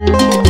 you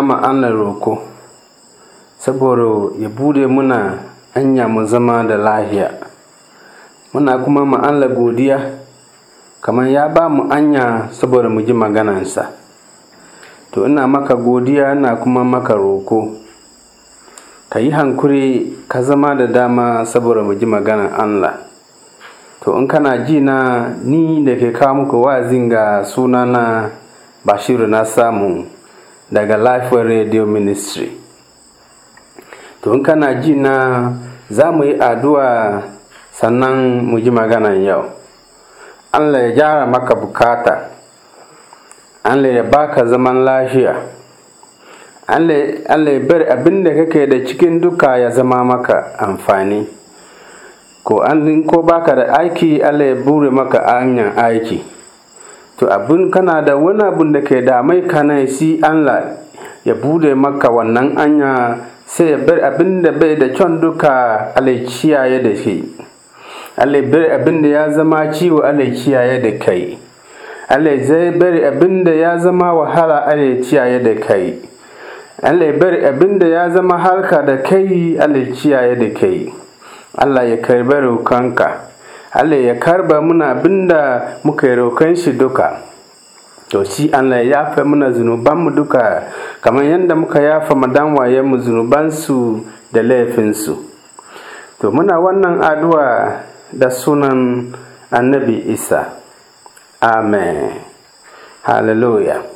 kama ana roko saboda ya bude muna hanya mu zama da lahiya muna kuma ma Allah godiya kamar ya ba mu anya saboda mu ji maganansa to ina maka godiya ina kuma maka roko ka yi hankuri ka zama da dama saboda mu ji maganan Allah to in kana ji na ni da ke kawo muku wazin ga sunana bashiru na samu daga Lifeway Radio Ministry. To, in kana ji na za mu yi addu'a sannan mu ji maganan yau. Allah ya gyara maka bukata, Allah ya baka zaman lafiya, Allah ya bari abin da kake da cikin duka ya zama maka amfani. Ko an ko baka da aiki, Allah ya bure maka hanyar aiki. to abin kana da wani abin da ke damai ka si an Allah ya bude maka wannan anya sai ya bar abin da bai da kyan duka Allah da shi Allah bar abin da ya zama ciwo Allah da kai Allah zai bar abin da ya zama wahala Allah da kai Allah bar abin da ya zama halka da kai Allah da kai Allah ya karbar kanka. Allah ya karba muna abinda muka yi roƙon shi duka to shi Allah ya fa muna mu duka kamar yadda muka yafa madan zunuban su da laifin su to muna wannan addu'a da sunan annabi isa amen hallelujah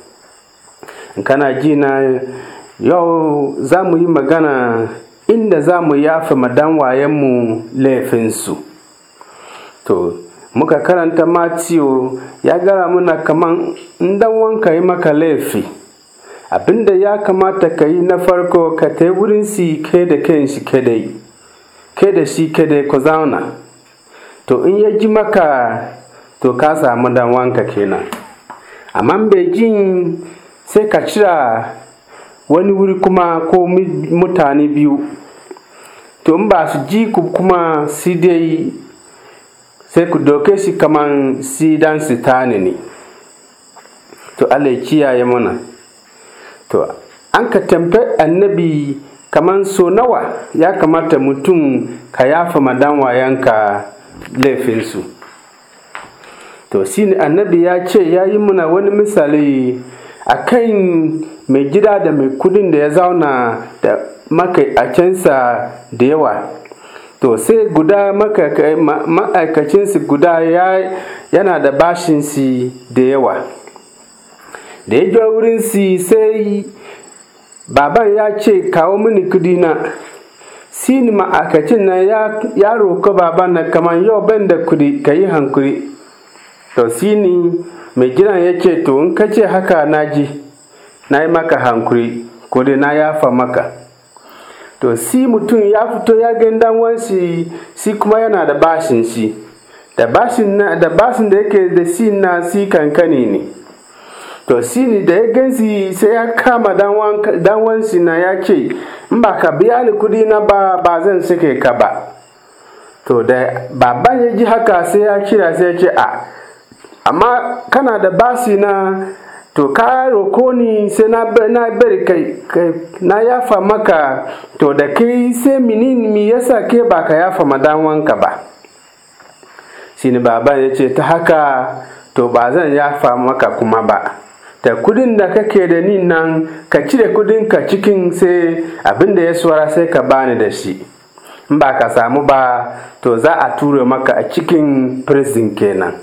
kana ji na yau za mu yi magana inda za mu yafa madan wayenmu laifinsu to muka karanta matiyo ya gara muna kaman dan wanka yi maka laifi abinda ya kamata ka yi na farko ka ta wurin si ke da shi kai da shi da ku zauna to in ya ji maka to ka samu dan wanka kenan amma bai sai ka cira wani wuri kuma ko mutane biyu to in ba su ji ku kuma su dai sai ku doke shi kaman sidan sitani ne to Allah ya kiyaye mana to an ka tamfe annabi kaman so nawa ya kamata mutum ka yafa madan wayanka laifinsu to shi ne annabi ya ce ya yi muna wani misali a kan mai gida da mai kudin da ya zauna da makai a cansa da yawa to sai guda ma'aikacinsu guda yana da si da yawa da ya wurin wurinsi sai baban ya ce kawo mini kudi na sini ma'aikacin nan ya roƙi baban na kamar yau ban da kudi ka yi hankuri to sini mai gidan ya ce to in ka haka na ji na yi maka hankuri kudi na yafa maka to si mutum ya fito ya ga dan wansi si kuma yana da bashin shi da bashin na da bashin da yake da si na si kankani ne to si ne da ya gansi sai ya kama dan wansi na ya ce in ba ka biya ni kudi na ba ba zan sake ka ba to da baban ya ji haka sai ya kira sai ya ce a amma kana da basi na to ka roko ni sai na bari kai na yafa maka to da kai sai minin mi yasa ke ba ka yafa wanka ba shine baban ya ce ta haka to ba zan yafa maka kuma ba ta kudin da kake da ni nan ka cire kudin ka cikin sai abin da ya suwara sai ka bani da shi in ba ka samu ba to za a ture maka a cikin prison kenan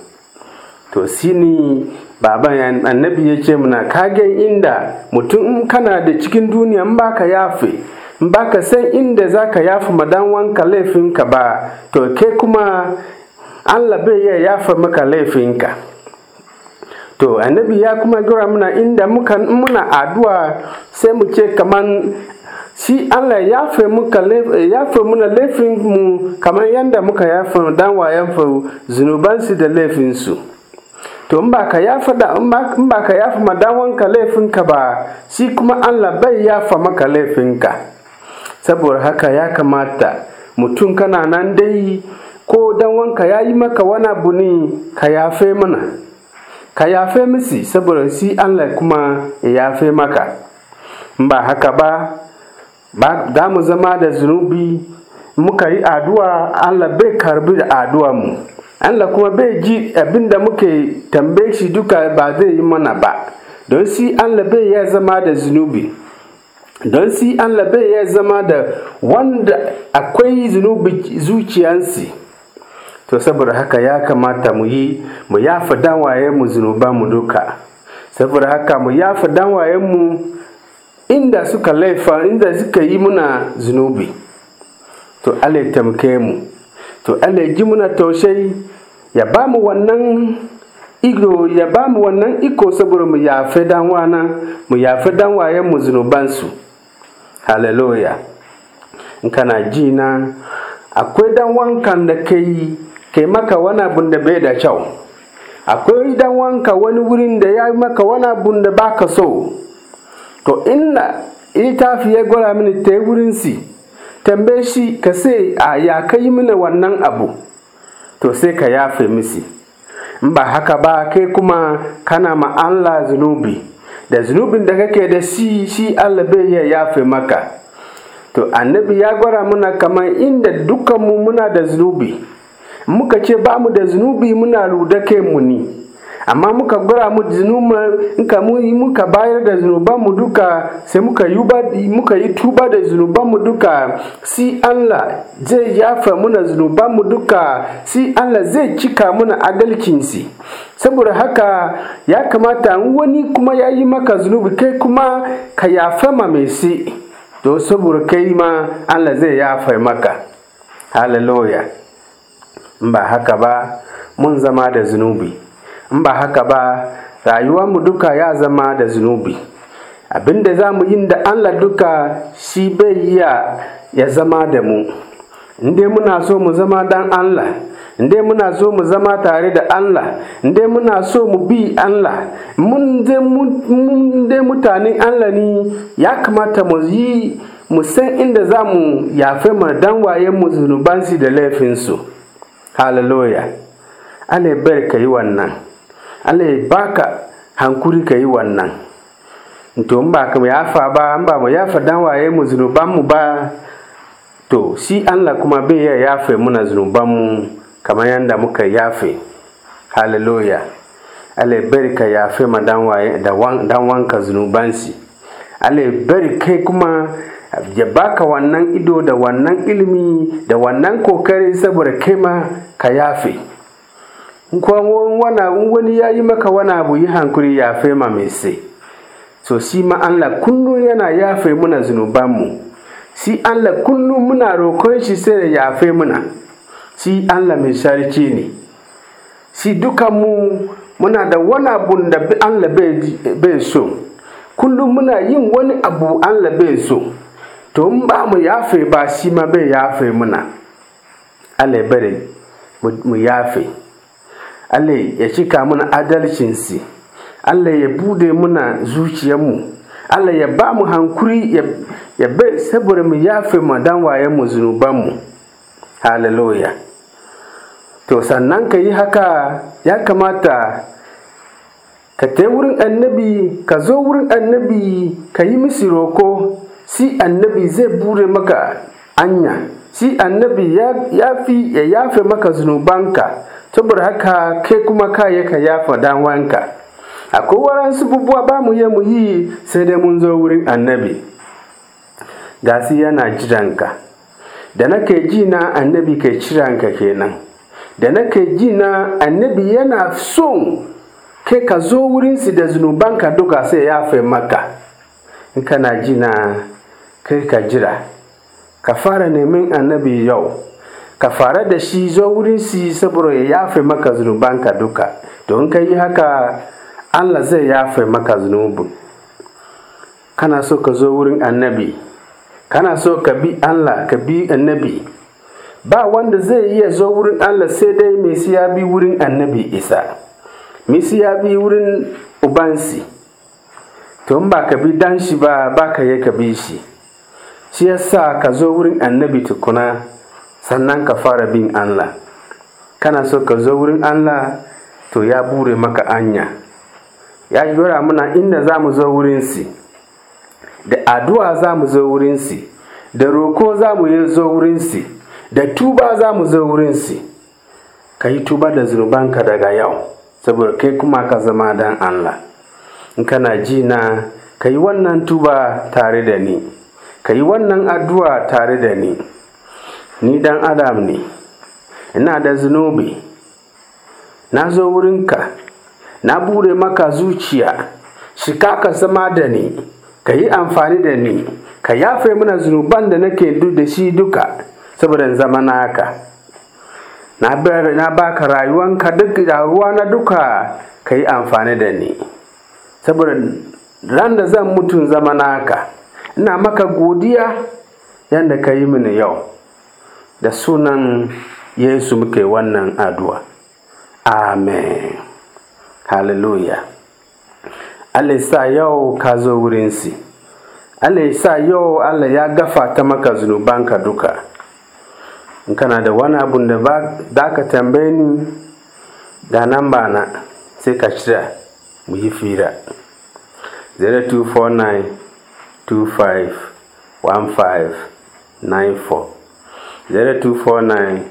to sini baban annabi ya ce muna kagen inda mutum in kana da cikin duniya in baka yafe in baka san inda zaka yafe madan wanka laifinka ba to ke kuma Allah bai ya yafe maka laifinka to annabi ya kuma gura muna inda muka muna addu'a sai mu ce kaman shi Allah ya muka yafe muna laifin mu kamar yanda muka yafe dan wayan zunubansu da laifinsu to in ba ya yafa in ba ka madawanka laifinka ba shi kuma Allah bai ya yafa maka laifinka saboda haka ya kamata mutum kana nan dai ko dan wanka ya yi maka wani abu ne ka yafe mana ka yafe misi saboda shi Allah kuma ya yafe maka in ba haka ba ba za mu zama da zunubi muka yi addu'a Allah bai karbi da addu'a mu Allah kuma bai ji abin da muke tambaye shi duka ba zai yi mana ba don si Allah bai ya zama da zunubi don si Allah bai ya zama da wanda akwai zunubi zuciyansi to saboda haka ya kamata mu yi mu yafa danwaye mu zunuba mu duka saboda haka mu yafa danwaye mu inda suka laifa inda suka yi muna zunubi to Allah ya tamke mu to Allah ji muna tausayi ya ba mu wannan iko ya ba mu wannan iko saboda mu yafi danwana mu yafi danwayen mu zunubansu hallelujah in kana ji na akwai wankan da kai kai maka wani abun da bai da kyau akwai wanka wani wurin da ya maka wani abun da baka so to inda littafi ya gwara mini ta wurin si tambaye shi ka sai a ya kai mini wannan abu to sai ka yafe misi in ba haka ba kai kuma kana ma Allah zunubi da zunubin da kake da shi shi Allah bai ya yafe maka to annabi ya gwara muna kamar inda dukkanmu muna da zunubi muka ce ba mu da zunubi muna ruda kai mu ni amma muka gura mu zunuban muka muka bayar da zunuban mu duka sai muka muka yi tuba da zunuban mu duka si Allah zai yafa muna zunuban mu duka si Allah zai cika muna adalcinsi saboda haka ya kamata wani kuma ya yi maka zunubi kai kuma ka yafa ma mai si to saboda kai ma Allah zai yafa maka hallelujah ba haka ba mun zama da zunubi in ba haka ba rayuwar mu duka ya zama da zunubi abinda za mu yin da Allah duka shi bai iya ya zama da mu inda muna so mu zama dan Allah inda muna so mu zama tare da Allah inda muna so mu bi Allah mun dai mutanen Allah ni, ya kamata mu yi mu san inda za mu yafe ma dan wayen mu zunubansu da laifinsu hallelujah Allah barka yi wannan Allah ya baka hankuri ka yi wannan to in ba ka mu yafa ba in ba mu yafa dan waye mu zunuban mu ba to shi Allah kuma bai ya yafe muna zunuban mu kamar yanda muka yafe hallelujah Allah ya bari ka yafe ma dan waye dan wanka zunuban shi Allah ya bari kai kuma ya baka wannan ido da wannan ilimi da wannan kokari saboda kai ma ka yafe wani ya yi maka wani abu yi hankuri ya fai ma mai sai so shi ma Allah kullum yana yafe muna zunubanmu shi Allah kullum muna roƙon shi sai da yafe muna shi Allah mai sarki ne shi mu muna da wani abu da Allah bai so kullum muna yin wani abu Allah bai so to in ba mu yafe ba shi ma bai yafe muna Allah bari mu yafe Allah ya cika mana adalcinsi Allah ya bude muna zuciyarmu Allah ya ba mu hankuri ya bai saboda mu yafe mu dan mu, zunubanmu hallelujah to sannan ka yi haka ya kamata ka tai wurin annabi ka zo wurin annabi ka yi misi roko si annabi zai bude maka anya si annabi ya fi ya yafe maka zunubanka saboda haka kai kuma ka ya ka yafa dan wanka akwai waransu bubuwa ba mu yi mu yi sai dai mun zo wurin annabi gasi yana jiranka da nake ji na annabi ke ciranka kenan da nake ji na annabi yana son kai ka zo wurin su da zunubanka duka sai ya maka in kana ji na kai ka jira ka fara neman annabi yau ka fara da shi zo wurin shi saboda ya yafe maka zunubanka duka don ka yi haka Allah zai yafe maka zunubin kana so ka zo wurin annabi kana so ka bi Allah ka bi annabi ba wanda zai iya zo wurin Allah sai dai mai siya bi wurin annabi isa mai siya bi wurin ubansi to ba ka bi dan shi ba ba ka yi ka bi shi shi yasa ka zo wurin annabi tukuna sannan ka fara bin Allah kana so ka zo wurin Allah to ya bure maka anya ya jura muna inda za mu zo wurinsi da addu'a za mu zo wurinsi da roko za mu yi zo wurinsi da tuba za mu zo wurinsi ka yi tuba da zunubanka daga yau saboda kai kuma ka zama dan Allah in kana ji na ka yi wannan tuba tare da ni ka yi wannan addu'a tare da ni ni dan adam ne ina da zunubi na zo wurinka na bude maka zuciya shika ka zama da ni ka yi amfani da ni ka yafe mana zunuban da nake duk da shi duka saboda zama naka na baka rayuwanka duk ruwa na duka ka yi amfani da ni saboda ran da zan mutun zama naka ina maka godiya yadda ka yi mini yau da sunan yesu muke wannan addu'a amen hallelujah allah sa yau ka zo wurinsi allah sa yau allah ya gafa gafata maka zunubanka duka in kana da wani abun da za ka tambaye ni ga nan ba sai ka shirya mu yi fira 0249 25 94. 0249251594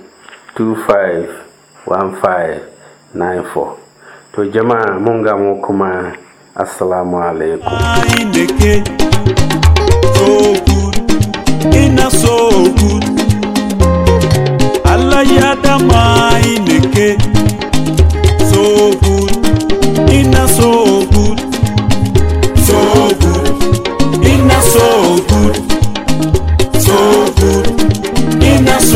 to jama'a mun gamu kuma assalamu alaikum Ina Allah ya dama ineke